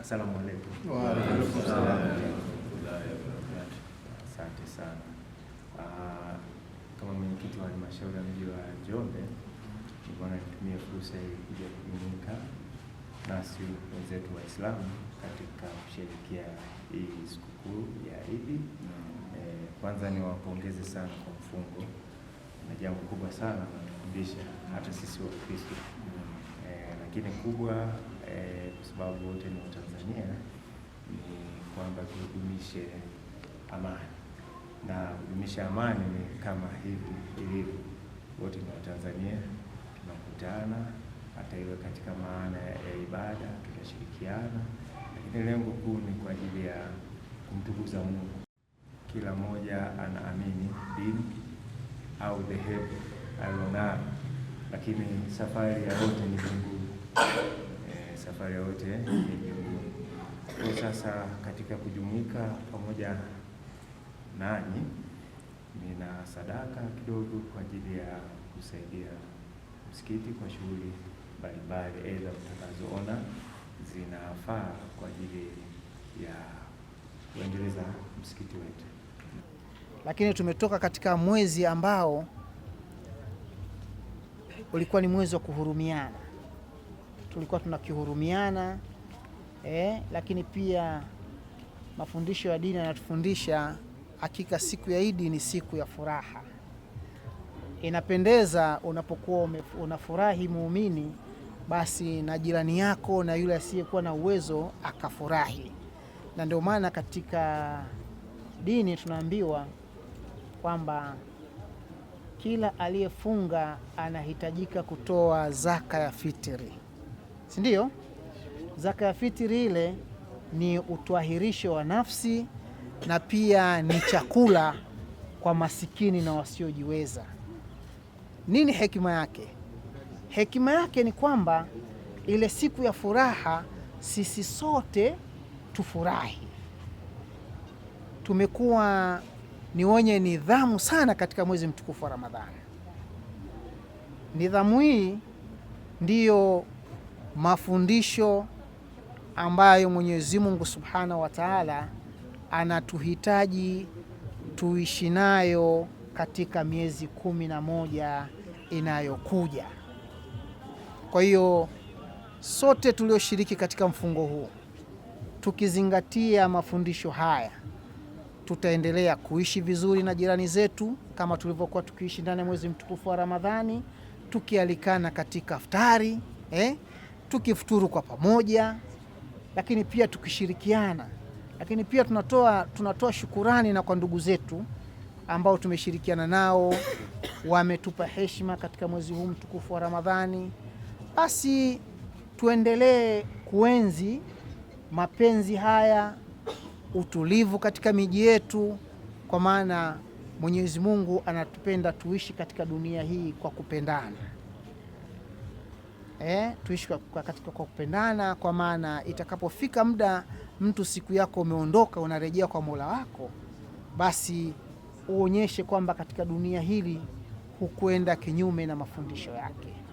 Asalamu alaykum. Wa Asante sana. Ah, kama mwenyekiti wa halmashauri ya mji wa Njombe, nimeona nitumie fursa hii kuja kujumuika nasi wenzetu Waislamu katika kusherehekea hii sikukuu ya Idi. Eh, kwanza niwapongeze sana kwa mfungo na jambo kubwa sana natukumbisha hata sisi Wakristo, eh, lakini kubwa eh, kwa sababu wote ni Watanzania, ni kwamba tudumishe amani na kudumisha amani ni kama hivi ilivyo, wote ni Watanzania, tunakutana hata iwe katika maana ya ibada, tutashirikiana, lakini lengo kuu ni kwa ajili ya kumtukuza Mungu. Kila mmoja anaamini dini au dhehebu alionalo, lakini safari ya wote ni mbinguni safari yote kwa sasa katika kujumuika pamoja nanyi, nina sadaka kidogo kwa ajili ya kusaidia msikiti kwa shughuli mbalimbali, aidha mtakazoona zinafaa kwa ajili ya kuendeleza msikiti wetu. Lakini tumetoka katika mwezi ambao ulikuwa ni mwezi wa kuhurumiana tulikuwa tunakihurumiana eh, lakini pia mafundisho ya dini yanatufundisha hakika siku ya Idi ni siku ya furaha. Inapendeza unapokuwa unafurahi muumini, basi na jirani yako na yule asiyekuwa na uwezo akafurahi. Na ndio maana katika dini tunaambiwa kwamba kila aliyefunga anahitajika kutoa zaka ya fitiri si ndio? Zaka ya fitiri ile ni utwahirisho wa nafsi na pia ni chakula kwa masikini na wasiojiweza. Nini hekima yake? Hekima yake ni kwamba ile siku ya furaha sisi sote tufurahi. Tumekuwa ni wenye nidhamu sana katika mwezi mtukufu wa Ramadhani. Nidhamu hii ndiyo mafundisho ambayo Mwenyezi Mungu Subhanahu wa Ta'ala anatuhitaji tuishi nayo katika miezi kumi na moja inayokuja. Kwa hiyo sote tulioshiriki katika mfungo huu tukizingatia mafundisho haya tutaendelea kuishi vizuri na jirani zetu kama tulivyokuwa tukiishi ndani ya mwezi mtukufu wa Ramadhani, tukialikana katika iftari eh? tukifuturu kwa pamoja, lakini pia tukishirikiana, lakini pia tunatoa, tunatoa shukurani na kwa ndugu zetu ambao tumeshirikiana nao wametupa heshima katika mwezi huu mtukufu wa Ramadhani. Basi tuendelee kuenzi mapenzi haya, utulivu katika miji yetu, kwa maana Mwenyezi Mungu anatupenda tuishi katika dunia hii kwa kupendana eh, tuishi kwa katika kwa kupendana, kwa maana itakapofika muda mtu siku yako umeondoka, unarejea kwa Mola wako, basi uonyeshe kwamba katika dunia hili hukwenda kinyume na mafundisho yake.